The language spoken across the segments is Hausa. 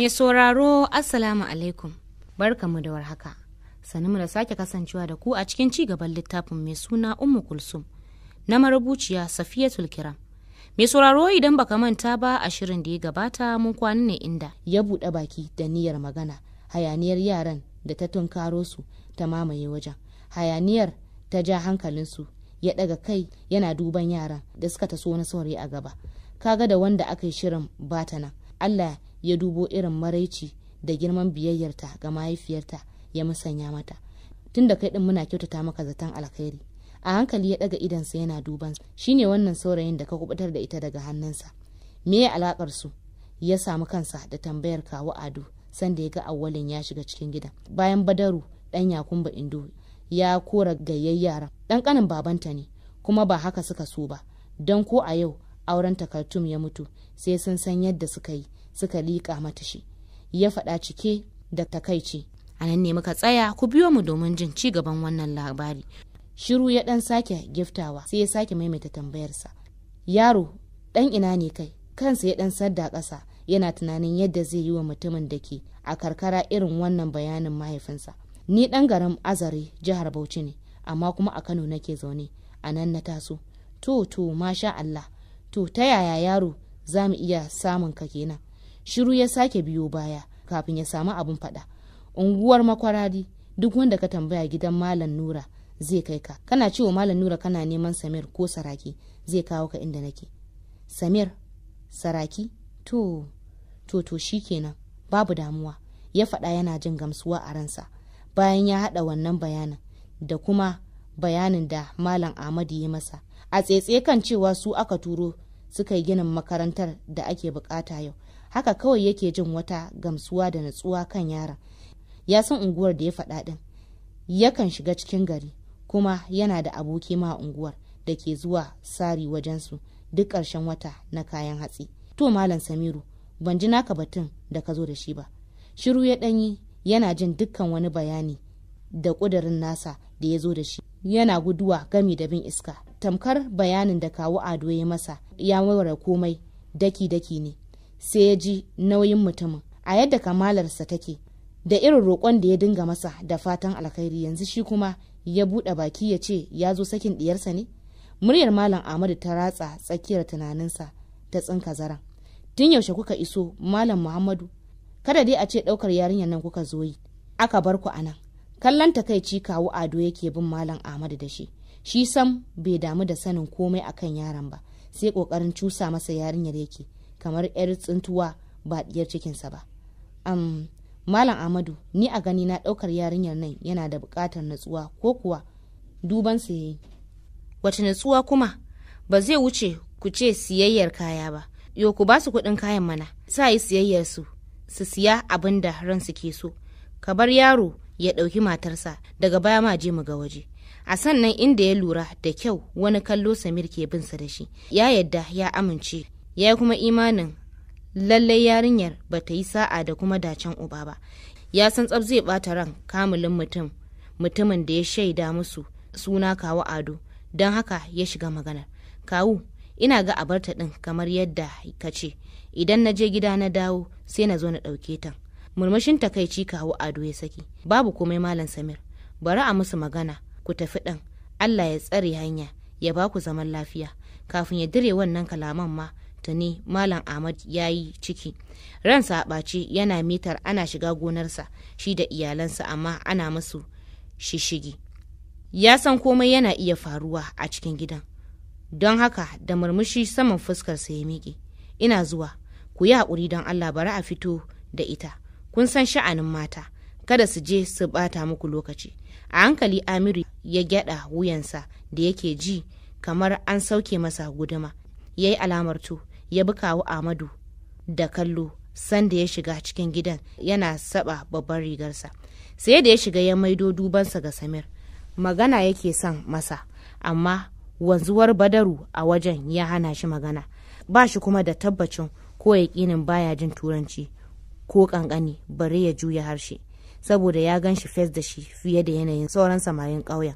Mai sauraro Assalamu alaikum barkamu da warhaka mu da sake kasancewa da ku a cikin ci gaban littafin mai suna Ummu Kulsum na marubuciya safiya Tulkiram. Mai sauraro idan baka manta ba a shirin da ya gabata mun kwana ne inda ya buɗe baki da niyyar magana hayaniyar yaran da ta tunkaro su ta mamaye wajen hayaniyar ta ja hankalinsu ya ɗaga kai yana duban yaran da suka taso na saurayi a gaba kaga da wanda aka yi shirin bata nan Allah ya dubo irin maraici da girman biyayyarta ga mahaifiyarta ya musanya mata tun da kai din muna kyautata maka zaton alkhairi a hankali ya daga idansa yana duban shine wannan saurayin da ka kubutar da ita daga hannunsa me ya alakar su ya samu kansa da tambayar kawo ado sanda ya ga awwalin ya shiga cikin gidan bayan badaru dan yakumba indo ya kora gayyar ɗan dan kanin babanta ne kuma ba haka suka so ba don ko a yau auren takartum ya mutu sai sun san yadda suka yi suka liƙa mata shi ya faɗa cike da takaici a nan ne muka tsaya ku biyo mu domin jin ci gaban wannan labari shiru ya ɗan sake giftawa sai ya sake maimaita tambayarsa yaro ɗan ina ne kai kansa ya ɗan sadda ƙasa yana tunanin yadda zai yi wa mutumin da ke a karkara irin wannan bayanin mahaifinsa ni ɗan garin azare jihar bauchi ne amma kuma a kano nake zaune a nan na taso to to masha allah to ta yaya yaro za mu iya samun ka kenan shiru ya sake biyo baya kafin ya samu abin fada unguwar makwarari duk wanda ka tambaya gidan malam nura zai kai ka kana cewa malam nura kana neman samir ko saraki zai kawo ka inda nake samir saraki to to to kenan babu damuwa ya fada yana jin gamsuwa a ransa bayan ya hada wannan bayanin da kuma bayanin da malam ahmadu ya masa a tsetse kan cewa su aka turo suka yi ginin makarantar da ake bukata yau haka kawai yake jin wata gamsuwa da natsuwa kan yaron ya san unguwar da ya faɗa ɗin yakan shiga cikin gari kuma yana da aboki ma unguwar da ke zuwa sari wajensu duk ƙarshen wata na kayan hatsi to malam samiru ban ji naka batun da ka zo da shi ba shiru ya ɗanyi yana jin dukkan wani bayani da ƙudurin nasa da ya zo da shi yana guduwa gami da bin iska tamkar bayanin da kawu ado ya masa ya warware komai daki-daki ne sai ya ji nauyin mutumin a yadda kamalarsa take da irin roƙon da ya dinga masa da fatan alkhairi yanzu shi kuma ya buɗe baki ya ce ya zo sakin ɗiyarsa ne muryar malam ahmadu ta ratsa tsakiyar tunaninsa ta tsinka zaren tun yaushe kuka iso malam muhammadu kada dai a ce ɗaukar yarinyar nan kuka zo yi aka bar ku anan kallon takaici kawu ado yake bin malam ahmadu da shi shi sam bai damu da sanin komai akan yaron ba sai kokarin cusa masa yarinyar yake kamar yar tsintuwa ba diyar cikinsa ba malam amadu ni a gani na daukar yarinyar nan yana da bukatar natsuwa ko kuwa duban su yayi wace natsuwa kuma ba zai wuce ku ce siyayyar kaya ba yo ku ba su kuɗin kayan mana sa yi siyayyar su su siya abin da ransu ke so ka bar yaro ya ɗauki matarsa daga baya ma je mu ga waje a sannan inda ya lura da kyau wani kallo samir ke bin sa da shi ya yadda ya amince ya kuma imanin lallai yarinyar ba ta yi sa'a da kuma dacen uba ba ya san tsab zai bata ran kamulin mutum mutumin da ya shaida musu suna kawu ado don haka ya shiga maganar kawu ina ga abarta din kamar yadda ka ce idan na je gida na dawo sai na zo na ɗauke ta murmushin takaici kawu ado ya saki babu komai malam samir bari a musu magana ku tafi ɗan allah ya tsare hanya ya ba ku zaman lafiya kafin ya dire wannan kalaman ma tuni malam ahmad ya yi ciki ransa a ɓace yana mitar ana shiga gonarsa shi da iyalansa amma ana musu shishigi ya san komai yana iya faruwa a cikin gidan don haka da murmushi saman fuskarsa ya miƙe ina zuwa ku yi haƙuri don allah bari a fito da ita kun san sha'anin mata kada su je su bata muku lokaci a hankali amiru ya gyada wuyansa da yake ji kamar an sauke masa guduma ya yi alamartu ya bi kawo amadu da kallo sanda ya shiga cikin gidan yana saba babban rigarsa sai da ya shiga ya maido dubansa ga samir magana yake son masa amma wanzuwar badaru a wajen ya hana shi magana ba shi kuma da tabbacin ko yaƙinin baya jin turanci ko ƙanƙani bare ya juya harshe saboda ya gan shi fes da shi fiye da yanayin sauran samarin ƙauyen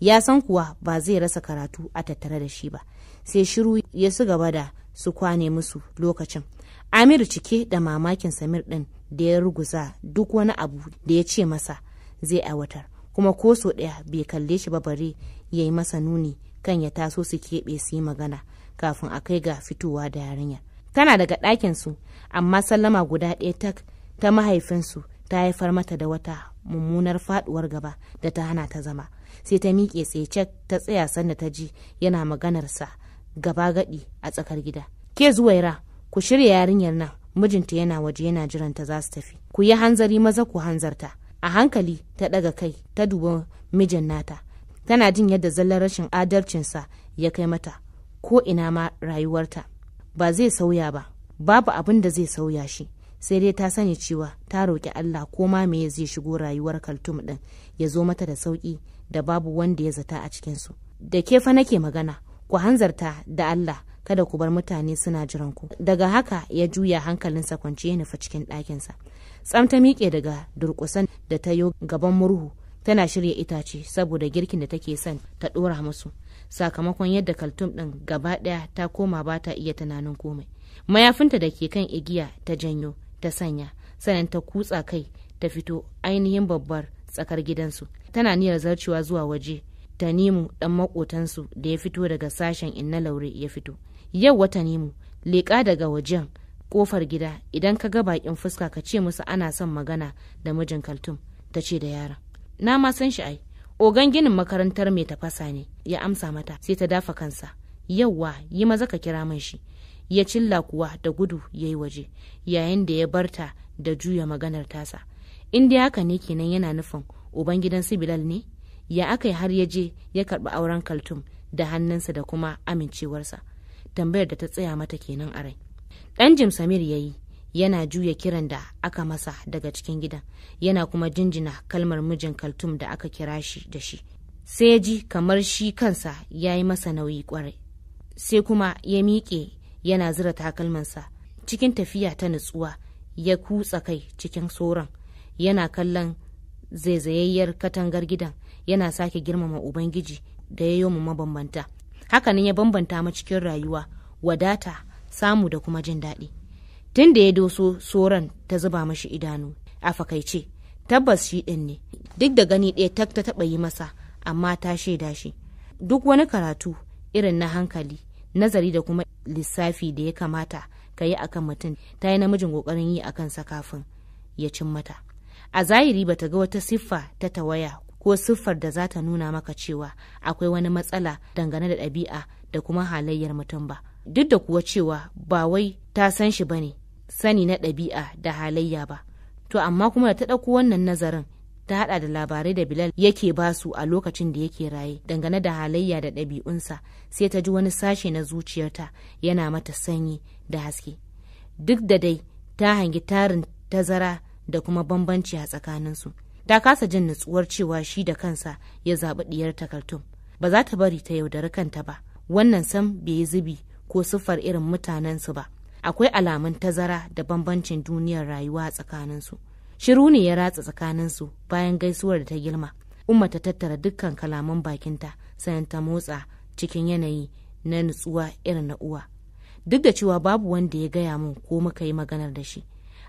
ya san kuwa ba zai rasa karatu a tattare da shi ba sai shiru ya su gaba da su kwane musu lokacin amir cike da mamakin samir din da ya ruguza duk wani abu da ya ce masa zai aiwatar kuma ko so ɗaya bai kalle shi ba bare ya yi masa nuni kan ya taso su keɓe su yi magana kafin a kai ga fitowa da yarinya tana daga ɗakinsu amma sallama guda ɗaya tak ta mahaifinsu ta haifar mata da wata mummunar faduwar gaba da ta hana ta zama sai ta miƙe tsaye ta tsaya sanda ta ji yana maganarsa gaba gadi a tsakar gida ke zuwaira ku shirya yarinyar nan mijinta yana waje yana jiranta za su tafi ku yi hanzari maza ku hanzarta a hankali ta daga kai ta duba mijin nata tana jin yadda zallar rashin adalcinsa ya kai mata ko ina ma rayuwarta ba zai sauya ba babu abin da zai sauya shi sai dai ta sani cewa ta roƙi Allah ko ma me zai shigo rayuwar kaltum ɗin ya zo mata da sauƙi da babu wanda ya zata a cikinsu. Da ke fa nake magana, ku hanzarta da Allah kada ku bar mutane suna jiran ku. Daga haka ya juya hankalinsa kwance ya nufa cikin ɗakinsa. tsamta miƙe daga durƙusan da ta yo gaban murhu tana shirya itace saboda girkin da take son ta ɗora musu. Sakamakon yadda kaltum ɗin gaba ɗaya ta koma ba ta iya tunanin komai. Mayafinta da ke kan igiya ta janyo ta sanya sannan ta kutsa kai ta fito ainihin babbar tsakar gidansu tana niyyar zarcewa zuwa waje tanimu dan makotansu da ya fito daga sashen inna laure ya fito yau wata nemu leƙa daga wajen kofar gida idan ka ga bakin fuska ka ce musu ana son magana da mijin kaltum ta ce da yaran na ma san shi ai ogan ginin makarantar mai tafasa ne ya amsa mata sai ta dafa kansa yauwa yi maza ka kira min shi ya cilla kuwa da gudu ya yi waje yayin da ya barta da juya maganar tasa in haka ne kenan yana nufin ubangidan gidan ne ya aka har ya je ya karɓi auren kaltum da hannunsa da kuma amincewarsa tambayar da ta tsaya mata kenan a rai ɗan jim samir ya yi yana juya kiran da aka masa daga cikin gidan yana kuma jinjina kalmar mijin kaltum da aka kira shi da shi sai ya ji kamar shi kansa ya yi masa nauyi kwarai sai kuma ya miƙe yana zira takalmansa cikin tafiya ta nutsuwa ya kutsa kai cikin soron yana kallon zaizayayyar katangar gidan yana sake girmama ubangiji da ya yi mabambanta hakanan ya bambanta ma cikin rayuwa wadata samu da kuma jin daɗi tun da ya doso soron ta zuba mashi idanu a fakaice tabbas shi ɗin ne duk da gani ɗaya tak ta taɓa yi masa amma ta shaida shi duk wani karatu irin na hankali nazari da kuma lissafi da ya kamata ka yi akan mutum ta yi namijin kokarin yi akan sa kafin ya cin mata a zahiri bata ga wata siffa ta tawaya ko siffar da za ta nuna maka cewa akwai wani matsala dangane da ɗabi'a da kuma halayyar mutum ba duk da kuwa cewa ba wai ta san shi ne sani na ɗabi'a da halayya ba to amma kuma da ta ɗauko wannan nazarin ta hada da labarai da Bilal yake basu a lokacin da yake raye dangane da halayya da ɗabi'unsa sai ta ji wani sashe na zuciyarta yana mata sanyi da haske. Duk da dai ta hangi tarin tazara da kuma bambanci a tsakaninsu. Ta kasa jin nutsuwar cewa shi da kansa ya zaɓi ɗiyar takartum. Ba za ta bari ta yaudari kanta ba, wannan sam bai yi zubi ko siffar irin mutanensu ba. Akwai alamun tazara da bambancin duniyar rayuwa a tsakaninsu. shiru ne ya ratsa tsakaninsu bayan gaisuwar da ta girma umma ta tattara dukkan kalaman bakinta sayan ta motsa cikin yanayi na nutsuwa irin na uwa duk da cewa babu wanda ya gaya min ko muka yi maganar da shi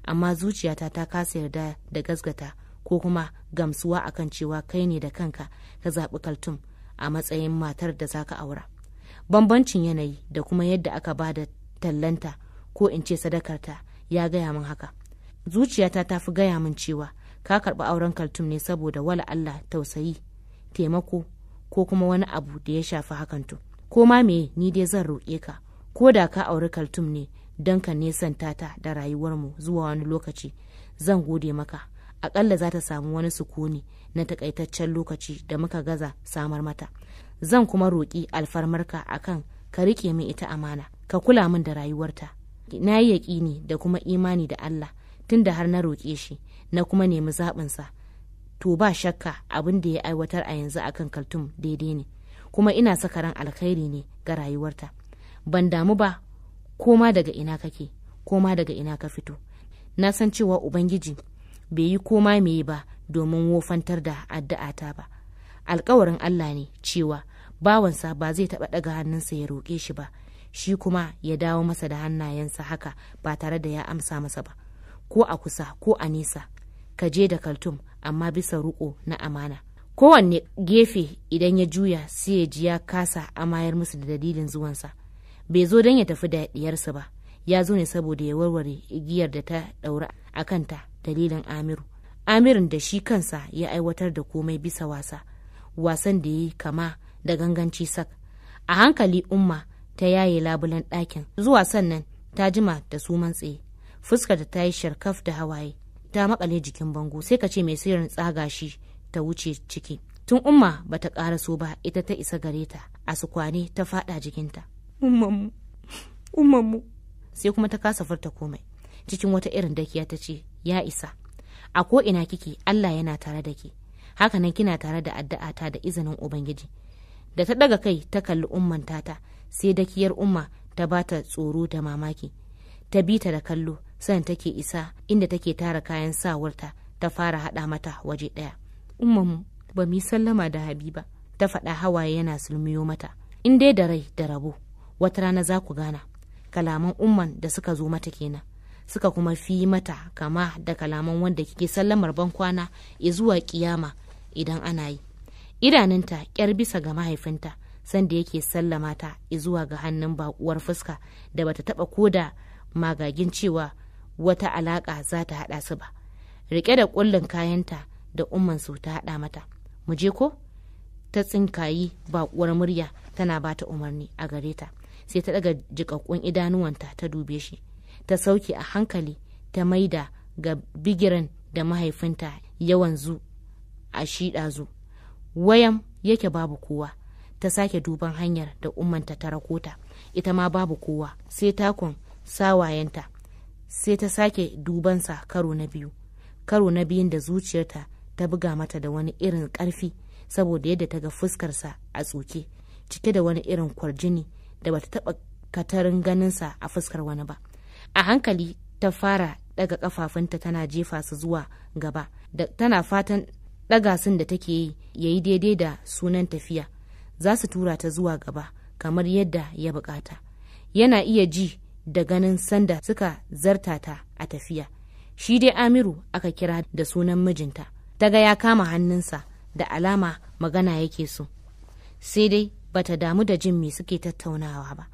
amma zuciyata ta kasa yarda da gasgata ko kuma gamsuwa akan cewa kai ne da kanka ka zaɓi kaltum a matsayin matar da zaka aura bambancin yanayi da kuma yadda aka ba da tallanta ko in ce sadakarta ya gaya min haka zuciyata ta fi gaya min cewa ka karɓi auren kaltum ne saboda wala Allah tausayi taimako ko kuma wani abu da ya shafi hakan to ko ma me ni dai zan roƙe ka ko da ka auri kaltum ne don ka nesanta ta da rayuwarmu zuwa wani lokaci zan gode maka akalla za ta samu wani sukuni na takaitaccen lokaci da muka gaza samar mata zan kuma roƙi alfarmarka akan ka riƙe min ita amana ka kula min da rayuwarta na yi yaƙini da kuma imani da Allah tun da har na roƙe shi na kuma nemi zaɓinsa to ba shakka abin da ya aiwatar a yanzu akan kaltum daidai ne kuma ina saka ran alkhairi ne ga rayuwarta ban damu ba koma daga ina kake koma daga ina ka fito na san cewa ubangiji bai yi koma meye ba domin wofantar da addu'ata ba alkawarin allah ne cewa bawansa ba zai taɓa ɗaga hannunsa ya roƙe shi ba shi kuma ya dawo masa da hannayensa haka ba tare da ya amsa masa ba ko a kusa ko a nesa ka je da kaltum amma bisa ruko na amana kowanne gefe idan ya juya sai ya ji ya kasa amayar musu da dalilin zuwansa bai zo don ya tafi da diyarsa ba ya zo ne saboda ya warware igiyar da ta daura a kanta dalilin amiru amirin da shi kansa ya aiwatar da komai bisa wasa wasan da ya yi kama da ganganci sak a hankali umma ta yaye labulen ɗakin zuwa sannan ta jima da su tsaye fuskar da ta yi sharkaf da hawaye ta makale jikin bango sai ka ce mai sirrin tsaga shi ta wuce ciki tun umma ba bata so ba ita ta isa gare ta a sukwane ta fada jikinta umammu sai kuma ta kasa furta komai cikin wata irin dakiya ta ce ya isa a ko ina kike Allah yana tare da ke hakanan kina tare da addu'a ta da izinin ubangiji da ta daga kai ta kalli umman tata sai dakiyar umma ta bata tsoro da mamaki ta bi ta da kallo sanin take isa inda take tara kayan sawarta ta fara hada mata waje ɗaya ummanmu ba mu sallama da habiba ta faɗa hawaye yana sulmiyo mata in dai da rai da rabo wata rana za ku gana kalaman umman da suka zo mata kenan suka kuma fi mata kama da kalaman wanda kike sallamar bankwana ya zuwa kiyama idan ana yi idanunta kyar bisa ga mahaifinta sanda yake sallama ta zuwa ga hannun bakuwar fuska da bata taba koda magagin cewa wata alaƙa za ta haɗa su ba riƙe da ƙullin kayanta da su ta haɗa mata mu je ko ta tsinkayi baƙuwar murya tana ba ta umarni a gare ta sai ta daga jiƙaƙƙun idanuwanta ta dube shi ta sauke a hankali ta maida ga bigiran da mahaifinta yawan zu a shi zu wayan yake babu kowa ta sake duban hanyar da umanta ta rakota ita ma babu kowa sai takun sawayenta sai ta sake dubansa karo na biyu karo na biyun da zuciyarta ta buga mata da wani irin ƙarfi saboda yadda ta ga fuskarsa a tsoke cike da wani irin kwarjini da bata taba katarin ganinsa a fuskar wani ba a hankali ta fara daga kafafunta tana jefa su zuwa gaba da tana fatan daga sun da take yi ya yi daidai da sunan tafiya za su tura ta zuwa gaba kamar yadda ya bukata yana iya ji da ganin sanda suka zarta ta a tafiya shi dai amiru aka kira da sunan mijinta ta ya kama hannunsa da alama magana yake so sai dai bata damu da jin me suke tattaunawa ba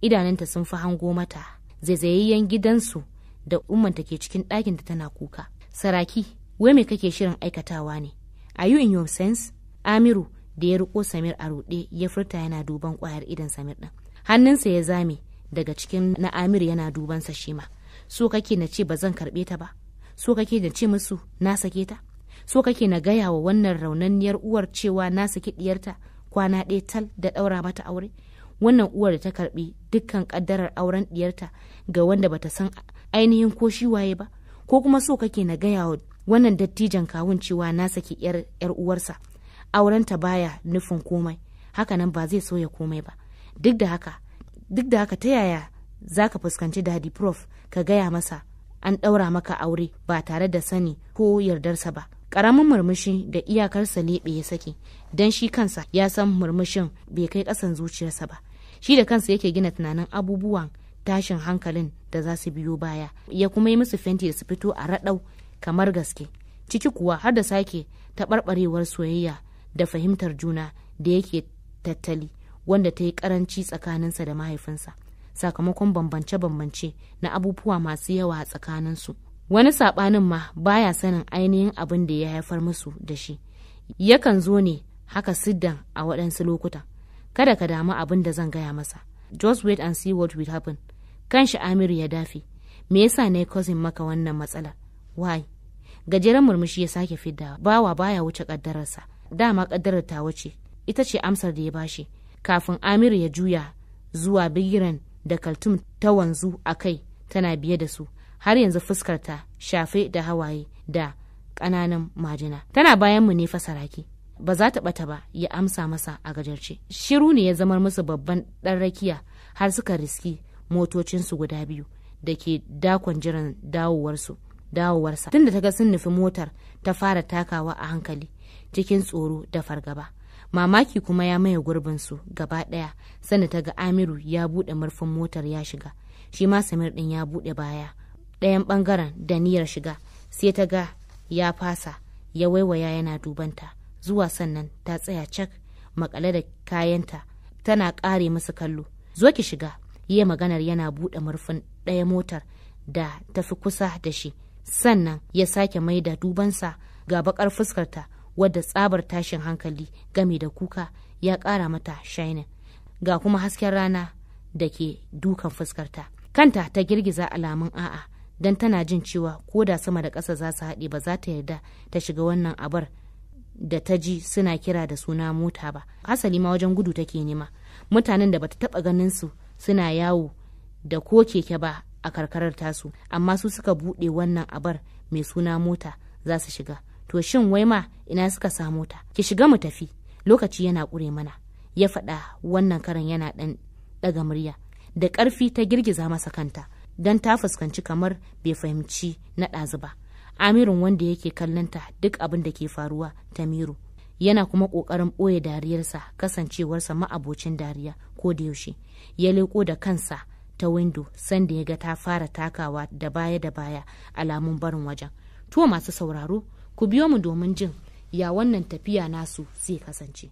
idanunta sun fi hango mata zaizayayyen gidansu da ummanta ke cikin ɗakinta tana kuka saraki wai me kake shirin aikatawa ne a you in your sense amiru da ya riko samir a ruɗe ya furta yana duban ƙwayar idan samir ɗin hannunsa ya zame daga cikin na amir yana dubansa shi ma so kake na ce ba zan karɓe ta ba so kake na ce musu na sake ta so kake na gaya wa wannan raunanniyar uwar cewa na saki diyarta kwana ɗaya tal da ɗaura mata aure wannan uwar da ta karɓi dukkan ƙaddarar auren diyarta ga wanda bata san ainihin ko shi waye ba ko kuma so kake na gaya wa wannan dattijan kawun cewa na saki yar yar uwarsa aurenta baya nufin komai hakanan ba zai so ya komai ba duk da haka duk da haka ta yaya za ka fuskanci dadi prof ka gaya masa an ɗaura maka aure ba tare da sani ko yardarsa ba ƙaramin murmushi da iyakarsa leɓe ya sake don shi kansa ya san murmushin bai kai ƙasan zuciyarsa ba shi da kansa yake gina tunanin abubuwan tashin hankalin da za su biyo baya ya kuma yi musu fenti da su fito a raɗau kamar gaske ciki kuwa har da sake taɓarɓarewar soyayya da fahimtar juna da yake tattali wanda ta yi karanci tsakaninsa da mahaifinsa sakamakon bambance-bambance na abubuwa masu yawa a tsakaninsu wani saɓanin ma baya sanin ainihin abin da ya haifar musu da shi yakan zo ne haka siddan a waɗansu lokutan kada ka damu abin da zan gaya masa just wait and see what will happen kanshi amiru ya dafe me yasa ne cousin maka wannan matsala why gajeren murmushi ya sake fidda bawa baya wuce kaddararsa dama kaddarar ta wuce ita ce amsar da ya bashi kafin Amir ya juya zuwa bigiran da kaltum ta wanzu a kai tana biye da su har yanzu fuskarta shafe da hawaye da ƙananan majina tana bayan mu ne fasaraki ba za ta ɓata ba ya amsa masa a gajarce shiru ne ya zamar musu babban ɗan rakiya har suka riski motocinsu guda biyu da ke dakon jiran dawowarsu dawowarsa tunda ta ga sun nufi motar ta fara takawa a hankali cikin tsoro da fargaba mamaki kuma ya maye gurbin su gaba ɗaya sani ta ga amiru ya buɗe murfin motar ya shiga shi ma samir ɗin ya buɗe baya ɗayan ɓangaren da niyyar shiga sai ta ga ya fasa ya waiwaya yana dubanta zuwa sannan ta tsaya cak makale da kayanta tana ƙare musu kallo zo ki shiga yi maganar yana buɗe murfin ɗaya motar da tafi kusa da shi sannan ya sake mai da dubansa ga bakar fuskarta wadda tsabar tashin hankali game da kuka ya ƙara mata shainin ga kuma hasken rana da ke dukan fuskarta kanta ta girgiza alamun a'a don tana jin cewa ko da sama da ƙasa za su haɗe ba za ta yarda ta shiga wannan abar da ta ji suna kira da suna mota ba asali ma wajen gudu take nema mutanen da bata taɓa ganin su suna yawo da ko keke ba a karkarar tasu amma su suka buɗe wannan abar mai suna mota za su shiga to shin wai ma ina suka samo ta ki shiga mu tafi lokaci yana ƙure mana ya faɗa wannan karan yana ɗan ɗaga murya da ƙarfi ta girgiza masa kanta don ta fuskanci kamar bai fahimci na ɗazu ba amirin wanda yake kallonta duk abin da ke faruwa tamiru yana kuma ƙoƙarin ɓoye dariyarsa kasancewarsa ma'abocin dariya ko da yaushe ya leƙo da kansa ta windo sanda ya ga ta fara takawa da baya da baya alamun barin wajen to masu sauraro ku biyo mu domin jin ya wannan tafiya nasu zai kasance